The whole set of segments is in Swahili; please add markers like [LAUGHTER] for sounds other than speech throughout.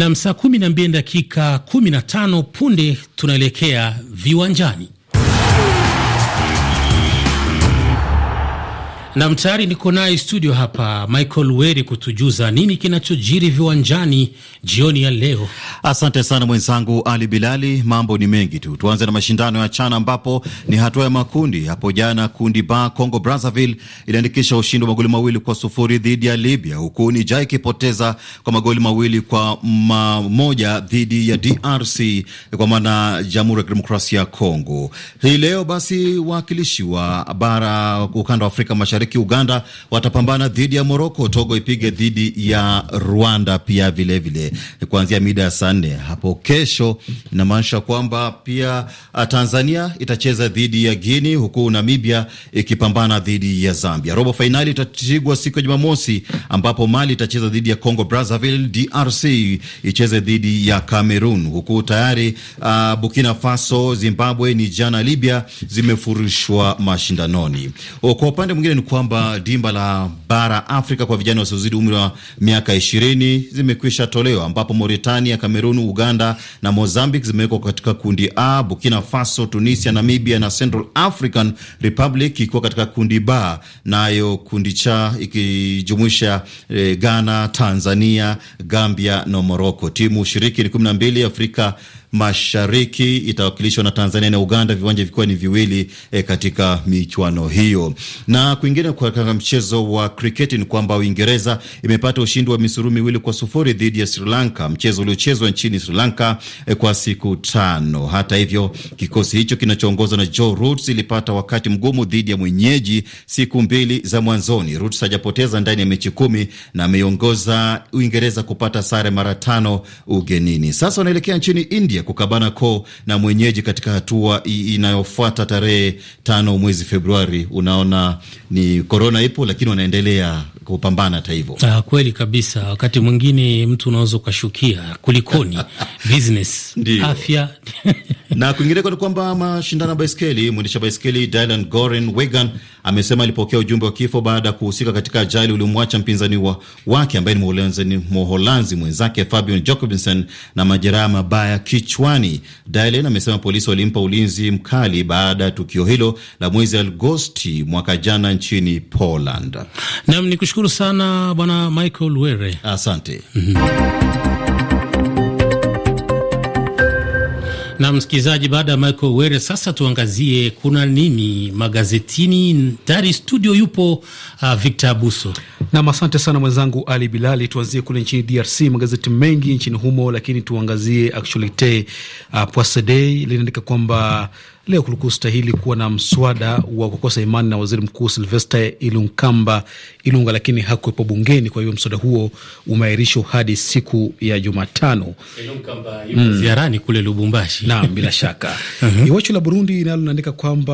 Nam, saa 12 dakika 15 punde tunaelekea viwanjani. na tayari niko naye studio hapa Michael Weri kutujuza nini kinachojiri viwanjani jioni ya leo. Asante sana mwenzangu Ali Bilali, mambo ni mengi tu. Tuanze na mashindano ya CHAN ambapo ni hatua ya makundi. Hapo jana kundi ba Congo Brazzaville iliandikisha ushindi wa magoli mawili kwa sufuri dhidi ya Libya, huku Nija ikipoteza kwa magoli mawili kwa moja dhidi ya DRC, kwa maana Jamhuri ya Kidemokrasia ya Kongo. Hii leo basi wakilishi wa bara ukanda wa Afrika Mashariki mashariki Uganda watapambana dhidi ya Moroko, Togo ipige dhidi ya Rwanda pia vilevile kuanzia mida ya saa nne hapo kesho. Inamaanisha kwamba pia uh, Tanzania itacheza dhidi ya Guini, huku Namibia ikipambana dhidi ya Zambia. Robo fainali itapigwa siku ya Jumamosi ambapo Mali itacheza dhidi ya Congo Brazzaville, DRC icheze dhidi ya Cameroon, huku tayari uh, Burkina Faso, Zimbabwe, Niger na Libya zimefurushwa mashindanoni. Oh, kwa upande mwingine ni kwamba dimba la bara Afrika kwa vijana wasiozidi umri wa miaka ishirini zimekwisha tolewa ambapo Mauritania, Kamerun, Uganda na Mozambique zimewekwa katika kundi A, Burkina Faso, Tunisia, Namibia na Central African Republic ikiwa katika kundi B, nayo kundi cha ikijumuisha e, Ghana, Tanzania, Gambia na Moroko. Morocco. Timu shiriki ni kumi na mbili Afrika Mashariki itawakilishwa na Tanzania na Uganda, viwanja vikiwa ni viwili e, katika michuano hiyo. Na kwingine katika mchezo wa kriketi ni kwamba Uingereza imepata ushindi wa misuru miwili kwa sufuri dhidi ya Sri Lanka, mchezo uliochezwa nchini Sri Lanka e, kwa siku tano. Hata hivyo, kikosi hicho kinachoongozwa na Joe Roots ilipata wakati mgumu dhidi ya mwenyeji siku mbili za mwanzoni. Roots hajapoteza ndani ya mechi kumi na ameiongoza Uingereza kupata sare mara tano ugenini. Sasa wanaelekea nchini India ya kukabana ko na mwenyeji katika hatua inayofuata tarehe tano mwezi Februari. Unaona ni korona ipo, lakini wanaendelea kupambana hata hivyo. Ah, kweli kabisa. Wakati mwingine mtu unaweza ukashukia kulikoni [LAUGHS] business afya na kwingineko ni kwamba mashindano ya baiskeli, mwendesha baiskeli Dylan Goran Wegan amesema alipokea ujumbe wa kifo baada ya kuhusika katika ajali uliomwacha mpinzani wa wake ambaye ni moholanzi mwenzake Fabian Jacobsen na majeraha mabaya kichwani. Dalen amesema polisi walimpa ulinzi mkali baada ya tukio hilo la mwezi Agosti mwaka jana nchini Poland. Nam ni kushukuru sana Bwana Michael Were, asante. Mhm. Na msikilizaji, baada ya Michael Were, sasa tuangazie kuna nini magazetini. Tayari studio yupo uh, Victor Abuso. Nam, asante sana mwenzangu Ali Bilali. Tuanzie kule nchini DRC, magazeti mengi nchini humo, lakini tuangazie actualite uh, Poisedei linaandika kwamba leo ustahili kuwa na mswada wa kukosa imani na waziri mkuu Silvester Ilunkamba Ilunga, lakini hakuwepo bungeni. Kwa hiyo mswada huo umeahirishwa hadi siku ya Jumatano. Mm. ziarani kule Lubumbashi. Naam, bila shaka [LAUGHS] uh-huh. Iwacho la Burundi nalo linaandika kwamba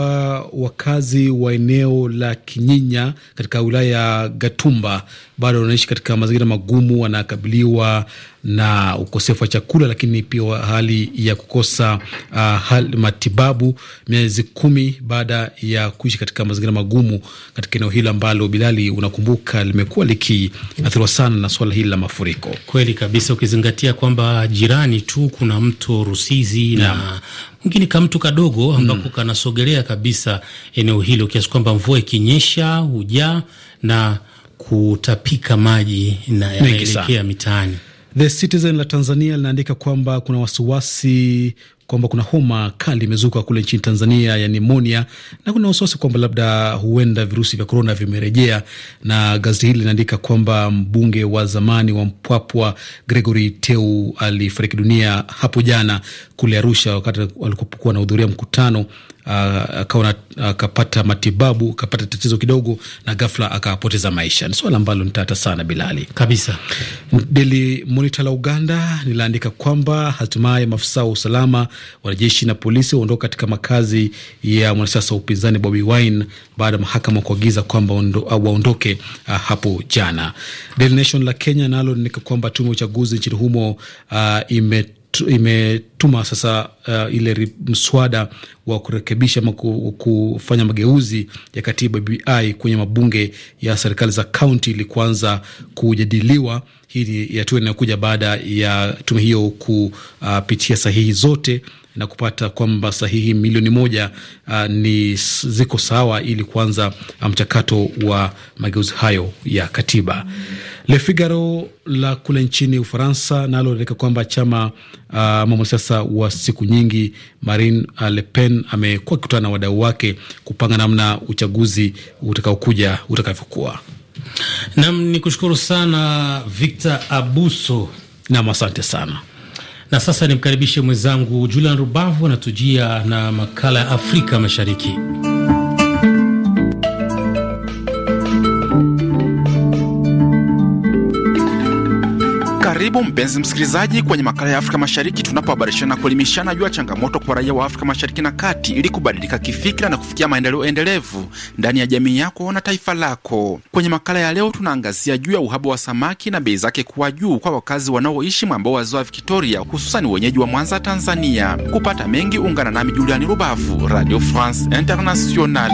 wakazi wa eneo la Kinyinya katika wilaya ya Gatumba bado wanaishi katika mazingira magumu, wanakabiliwa na ukosefu wa chakula, lakini pia hali ya kukosa uh, ah, hali matibabu miezi kumi baada ya kuishi katika mazingira magumu katika eneo hilo ambalo Bilali, unakumbuka limekuwa likiathiriwa sana na swala hili la mafuriko. Kweli kabisa, ukizingatia kwamba jirani tu kuna mto Rusizi na, na mwingine kama mtu kadogo ambako mm, kanasogelea kabisa eneo hilo kiasi kwamba mvua ikinyesha hujaa na kutapika maji na yanaelekea mitaani. The Citizen la Tanzania linaandika kwamba kuna wasiwasi kwamba kuna homa kali imezuka kule nchini Tanzania ya nimonia, na kuna wasiwasi kwamba labda huenda virusi vya korona vimerejea. Na gazeti hili linaandika kwamba mbunge wa zamani wa Mpwapwa Gregory Teu alifariki dunia hapo jana kule Arusha wakati alipokuwa anahudhuria mkutano Uh, akaona akapata matibabu akapata tatizo kidogo, na ghafla akapoteza maisha. Ni swala ambalo nitata sana, Bilali, kabisa. Daily Monitor la Uganda liliandika kwamba hatimaye maafisa wa usalama, wanajeshi na polisi waondoka katika makazi ya mwanasiasa wa upinzani Bobi Wine baada ya mahakama kuagiza kwamba waondoke uh, hapo jana. Daily Nation la Kenya nalo linaandika kwamba tume ya uchaguzi nchini humo uh, imet imetuma sasa uh, ile mswada wa kurekebisha ama kufanya mageuzi ya katiba BBI kwenye mabunge ya serikali za kaunti ili kuanza kujadiliwa. Hii ni hatua inayokuja baada ya tume hiyo kupitia sahihi zote na kupata kwamba sahihi milioni moja uh, ni ziko sawa ili kuanza uh, mchakato wa mageuzi hayo ya katiba. Le Figaro la kule nchini Ufaransa nalo linaeleka kwamba chama uh, mwanasiasa wa siku nyingi Marine Le Pen amekuwa akikutana na wadau wake kupanga namna uchaguzi utakaokuja utakavyokuwa. Nam ni kushukuru sana Victor Abuso. Nam asante sana. Na sasa nimkaribishe mwenzangu Julian Rubavu anatujia na makala ya Afrika Mashariki. Karibu mpenzi msikilizaji kwenye makala ya Afrika Mashariki tunapohabarishana na kuelimishana juu ya changamoto kwa raia wa Afrika Mashariki na Kati ili kubadilika kifikira na kufikia maendeleo endelevu ndani ya jamii yako na taifa lako. Kwenye makala ya leo tunaangazia juu ya uhaba wa samaki na bei zake kuwa juu kwa wakazi wanaoishi mwambao wa Ziwa Victoria, hususani wenyeji wa Mwanza, Tanzania. Kupata mengi, ungana nami Juliani Rubavu, Radio France international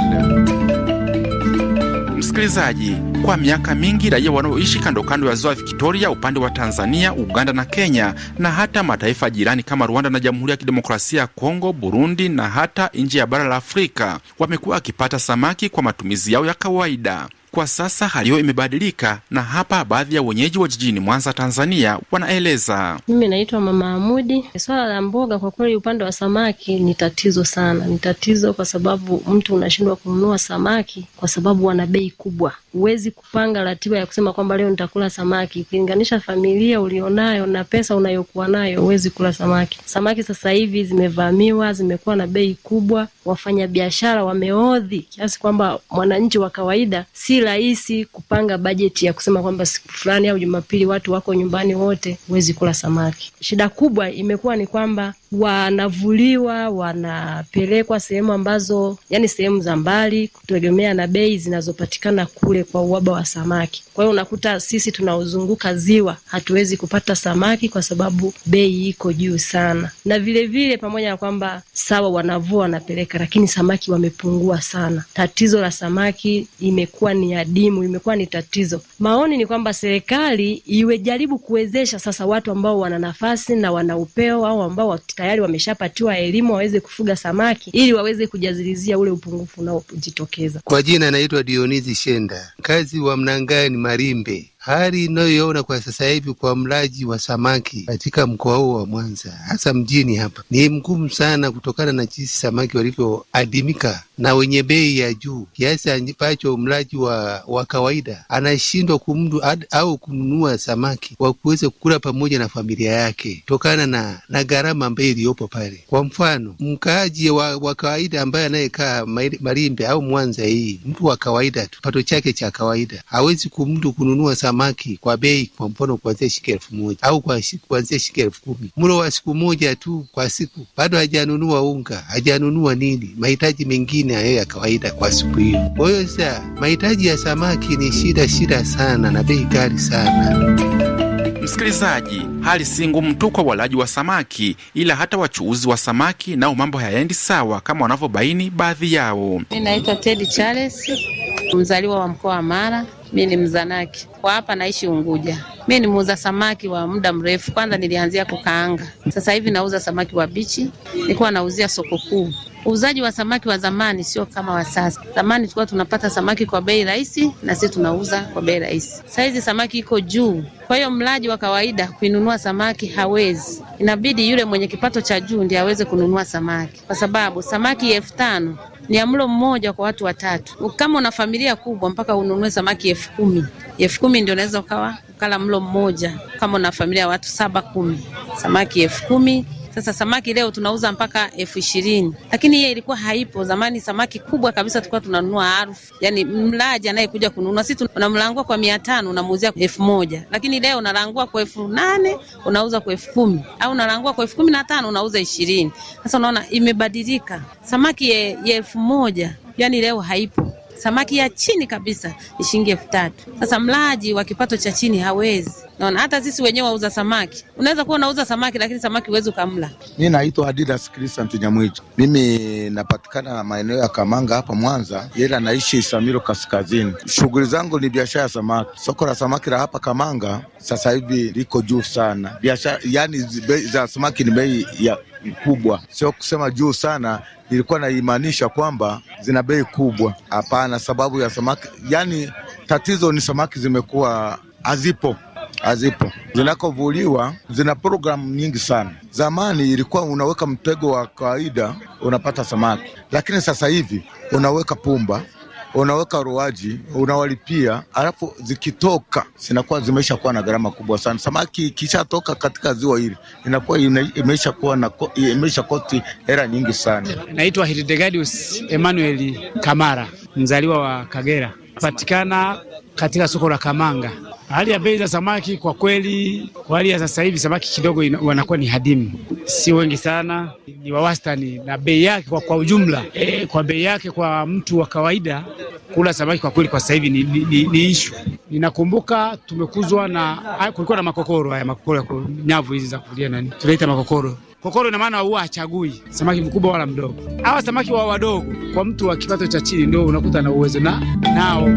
Msikilizaji, kwa miaka mingi raia wanaoishi kando kando ya ziwa Victoria upande wa Tanzania, Uganda na Kenya na hata mataifa jirani kama Rwanda na Jamhuri ya Kidemokrasia ya Kongo, Burundi na hata nje ya bara la Afrika wamekuwa wakipata samaki kwa matumizi yao ya kawaida. Kwa sasa hali hiyo imebadilika, na hapa baadhi ya wenyeji wa jijini Mwanza, Tanzania, wanaeleza. Mimi naitwa Mama Amudi. Swala la mboga kwa kweli, upande wa samaki ni tatizo sana, ni tatizo kwa sababu mtu unashindwa kununua samaki kwa sababu wana bei kubwa. Huwezi kupanga ratiba ya kusema kwamba leo nitakula samaki, ukilinganisha familia ulionayo na pesa unayokuwa nayo, huwezi kula samaki. Samaki sasa hivi zimevamiwa, zimekuwa na bei kubwa, wafanyabiashara wameodhi kiasi kwamba mwananchi wa kawaida si rahisi kupanga bajeti ya kusema kwamba siku fulani au Jumapili watu wako nyumbani wote, huwezi kula samaki. Shida kubwa imekuwa ni kwamba wanavuliwa, wanapelekwa sehemu ambazo, yani sehemu za mbali, kutegemea na bei zinazopatikana kule kwa uhaba wa samaki. Kwa hiyo unakuta sisi tunaozunguka ziwa hatuwezi kupata samaki kwa sababu bei iko juu sana, na vilevile vile, pamoja na kwamba sawa wanavua wanapeleka, lakini samaki wamepungua sana. Tatizo la samaki imekuwa ni adimu, imekuwa ni tatizo. Maoni ni kwamba serikali iwe jaribu kuwezesha sasa watu ambao wana nafasi na wana upeo au ambao wata tayari wameshapatiwa elimu waweze kufuga samaki ili waweze kujazilizia ule upungufu unaojitokeza. Kwa jina anaitwa Dionizi Shenda, mkazi wa ni Marimbe. Hali inayoiona kwa sasa hivi kwa mlaji wa samaki katika mkoa huo wa Mwanza, hasa mjini hapa, ni mgumu sana kutokana na jinsi samaki walivyoadimika na wenye bei ya juu kiasi ambacho mlaji wa, wa kawaida anashindwa kumdu ad, au kununua samaki wa kuweza kukula pamoja na familia yake tokana na, na gharama ambayo iliyopo pale. Kwa mfano mkaaji wa, wa kawaida ambaye anayekaa Malimbe au Mwanza, hii mtu wa kawaida tu, pato chake cha kawaida hawezi kumdu kununua samaki kwa bei, kwa mfano kuanzia shilingi elfu moja au kuanzia shilingi elfu kumi mlo wa siku moja tu kwa siku, bado hajanunua unga, hajanunua nini mahitaji mengine mengine hayo ya kawaida kwa siku hiyo. Kwa hiyo sasa mahitaji ya samaki ni shida shida sana na bei kali sana. Msikilizaji, hali si ngumu tu kwa walaji wa samaki, ila hata wachuuzi wa samaki nao mambo hayaendi sawa kama wanavyobaini baadhi yao. Mi naitwa Tedi Charles, mzaliwa wa mkoa wa Mara. Mi ni mzanaki kwa hapa naishi Unguja. Mimi ni muuza samaki wa muda mrefu. Kwanza nilianzia kukaanga, sasa hivi nauza samaki wa bichi. Nilikuwa nauzia soko kuu. Uuzaji wa samaki wa zamani sio kama wa sasa. Zamani tulikuwa tunapata samaki kwa bei rahisi, na sisi tunauza kwa bei rahisi. Saizi samaki iko juu, kwa hiyo mlaji wa kawaida kuinunua samaki hawezi. Inabidi yule mwenye kipato cha juu ndiye aweze kununua samaki, kwa sababu samaki elfu tano ni mlo mmoja kwa watu watatu. Kama una familia kubwa, mpaka ununue samaki elfu kumi elfu kumi kumi ndio unaweza ukawa ukala mlo mmoja, kama una familia ya watu saba kumi, samaki elfu kumi. Sasa samaki leo tunauza mpaka elfu ishirini, lakini hiye ilikuwa haipo zamani. Samaki kubwa kabisa tulikuwa tunanunua arufu, yani mlaji anayekuja kununua, sisi unamlangua kwa mia tano unamuuzia elfu moja, lakini leo unalangua kwa elfu nane unauza kwa elfu kumi au unalangua kwa elfu kumi na tano unauza ishirini. Sasa unaona imebadilika, samaki ya elfu moja yani leo haipo samaki ya chini kabisa ni shilingi elfu tatu. Sasa mlaji wa kipato cha chini hawezi Naona hata sisi wenyewe wauza samaki, unaweza kuwa unauza samaki lakini samaki huwezi ukamla. Mi naitwa Adidas Krisanti Nyamwiji, mimi napatikana maeneo ya Kamanga hapa Mwanza, yeye anaishi Isamilo Kaskazini. Shughuli zangu ni biashara ya samaki. Soko la samaki la hapa Kamanga sasa hivi liko juu sana, biashara yani bei za samaki ni bei ya kubwa, sio kusema juu sana. Nilikuwa naimaanisha kwamba zina bei kubwa, hapana. Sababu ya samaki, yani tatizo ni samaki zimekuwa hazipo hazipo. Zinakovuliwa zina programu nyingi sana. Zamani ilikuwa unaweka mtego wa kawaida unapata samaki, lakini sasa hivi unaweka pumba unaweka ruaji unawalipia, alafu zikitoka zinakuwa kuwa na gharama kubwa sana. Samaki ikishatoka katika ziwa hili inakuwa kuwa na imeisha koti hela nyingi sana. Naitwa Hildegardus Emmanuel Kamara, mzaliwa wa Kagera, patikana katika soko la Kamanga. Hali ya bei za samaki kwa kweli, kwa hali ya sasa hivi samaki kidogo ina, wanakuwa ni hadimu, si wengi sana, ni wa wastani, na bei yake kwa, kwa ujumla e, kwa bei yake kwa mtu wa kawaida kula samaki kwa kweli kwa sasa hivi ni, ni, ni, ni ishu. Ninakumbuka tumekuzwa na ah, kulikuwa na makokoro haya makokoro ya nyavu hizi za kulia nani tunaita makokoro kokoro ina maana huwa hachagui samaki mkubwa wala mdogo. Hawa samaki wa wadogo kwa mtu wa kipato cha chini ndio unakuta na uwezo na nao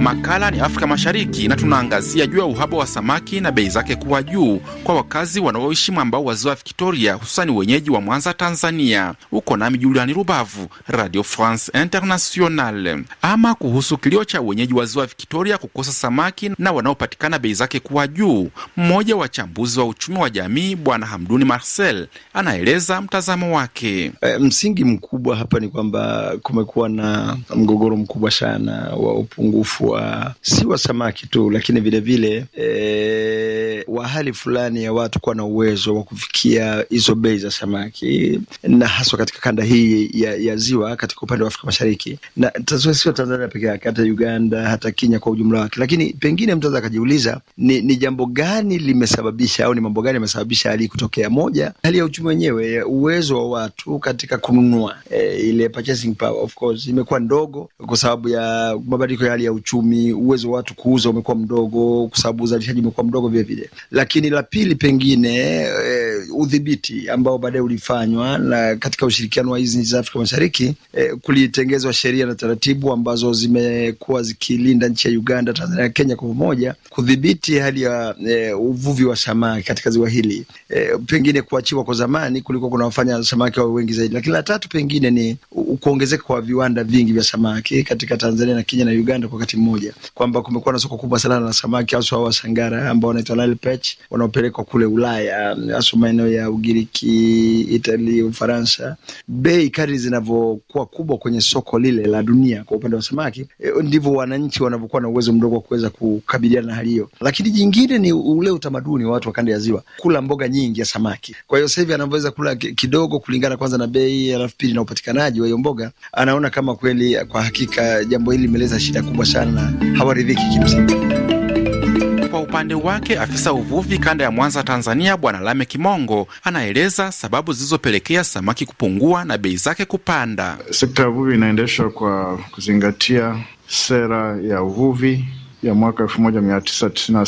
Makala ni Afrika Mashariki na tunaangazia juu ya uhaba wa samaki na bei zake kuwa juu kwa wakazi wanaoishi mwambao wa ziwa Victoria, hususani wenyeji wa Mwanza, Tanzania. Uko nami Juliani Rubavu, Radio France International. Ama kuhusu kilio cha wenyeji wa ziwa Victoria kukosa samaki na wanaopatikana bei zake kuwa juu, mmoja wa wachambuzi wa uchumi wa jamii Bwana Hamduni Marcel anaeleza mtazamo wake. E, msingi mkubwa hapa ni kwamba kumekuwa na mgogoro mkubwa sana wa upungufu wa si wa samaki tu, lakini vilevile vile, eh, wa hali fulani ya watu kuwa na uwezo wa kufikia hizo bei za samaki, na haswa katika kanda hii ya, ya ziwa katika upande wa Afrika Mashariki, na sio Tanzania peke yake, hata Uganda, hata Kenya kwa ujumla wake. Lakini pengine mtu akajiuliza ni, ni jambo gani limesababisha au ni mambo gani yamesababisha hali kutokea? Moja, hali ya uchumi wenyewe, uwezo wa watu katika kununua, e, ile purchasing power of course imekuwa ndogo kwa sababu ya mabadiliko ya hali ya uchumi. Uwezo wa watu kuuza umekuwa mdogo kwa sababu uzalishaji umekuwa mdogo vile vile. Lakini la pili pengine eh, udhibiti ambao baadaye ulifanywa na katika ushirikiano wa hizi nchi za Afrika Mashariki e, kulitengezwa sheria na taratibu ambazo zimekuwa zikilinda nchi ya Uganda, Tanzania na Kenya kwa pamoja kudhibiti hali ya e, uvuvi wa samaki katika ziwa hili e, pengine kuachiwa kwa zamani kuna wafanya samaki wawe wengi zaidi, lakini la tatu pengine ni kuongezeka kwa viwanda vingi vya samaki katika Tanzania na Kenya na Uganda kwa wakati mmoja, kwamba kumekuwa na soko kubwa sana la samaki haswa wa sangara ambao wanaitwa Nile perch wanaopelekwa kule Ulaya haswa maneno ya Ugiriki, Itali, Ufaransa, bei kadri zinavyokuwa kubwa kwenye soko lile la dunia kwa upande wa samaki e, ndivyo wananchi wanavyokuwa na uwezo mdogo wa kuweza kukabiliana na hali hiyo. Lakini jingine ni ule utamaduni wa watu wa kanda ya ziwa kula mboga nyingi ya samaki. Kwa hiyo sasa hivi anavyoweza kula kidogo kulingana kwanza na bei, alafu pili na upatikanaji wa hiyo mboga, anaona kama kweli, kwa hakika jambo hili limeleza shida kubwa sana na hawaridhiki kimsingi upande wake afisa uvuvi kanda ya Mwanza, Tanzania, Bwana Lame Kimongo anaeleza sababu zilizopelekea samaki kupungua na bei zake kupanda. Sekta ya uvuvi inaendeshwa kwa kuzingatia sera ya uvuvi ya mwaka tisini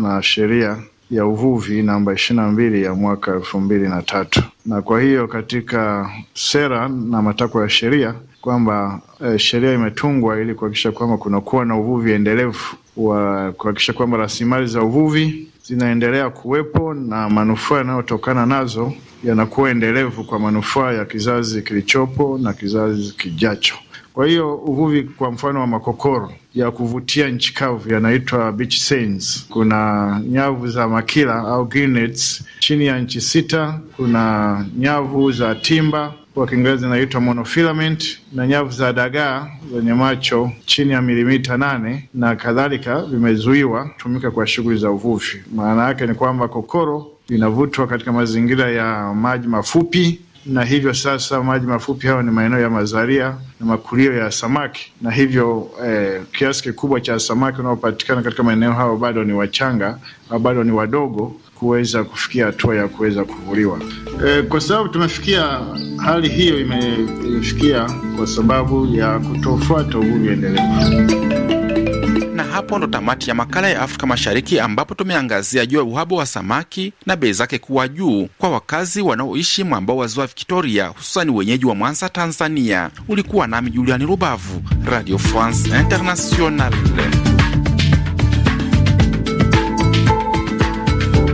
na sheria ya uvuvi namba ishirini na mbili ya mwaka elfu mbili na tatu na kwa hiyo katika sera na matakwa ya sheria kwamba e, sheria imetungwa ili kuhakikisha kwamba kunakuwa na uvuvi endelevu wa kuhakikisha kwamba rasilimali za uvuvi zinaendelea kuwepo na manufaa yanayotokana nazo yanakuwa endelevu kwa manufaa ya kizazi kilichopo na kizazi kijacho. Kwa hiyo uvuvi kwa mfano wa makokoro ya kuvutia nchi kavu yanaitwa beach seines. Kuna nyavu za makila au gillnets chini ya nchi sita. Kuna nyavu za timba kwa Kiingereza inaitwa monofilament na nyavu za dagaa zenye macho chini ya milimita nane na kadhalika vimezuiwa kutumika kwa shughuli za uvuvi. Maana yake ni kwamba kokoro inavutwa katika mazingira ya maji mafupi na hivyo sasa maji mafupi hayo ni maeneo ya mazaria na makulio ya samaki, na hivyo eh, kiasi kikubwa cha samaki unaopatikana katika maeneo hayo bado ni wachanga, au bado ni wadogo, kuweza kufikia hatua ya kuweza kuvuliwa. E, kwa sababu tumefikia hali hiyo imefikia kwa sababu ya kutofuata uhuru endelevu. Na hapo ndo tamati ya makala ya Afrika Mashariki ambapo tumeangazia juu ya uhaba wa samaki na bei zake kuwa juu kwa wakazi wanaoishi mwambao wa ziwa Victoria, hususani wenyeji wa Mwanza, Tanzania. Ulikuwa nami Juliani Rubavu, Radio France Internationale.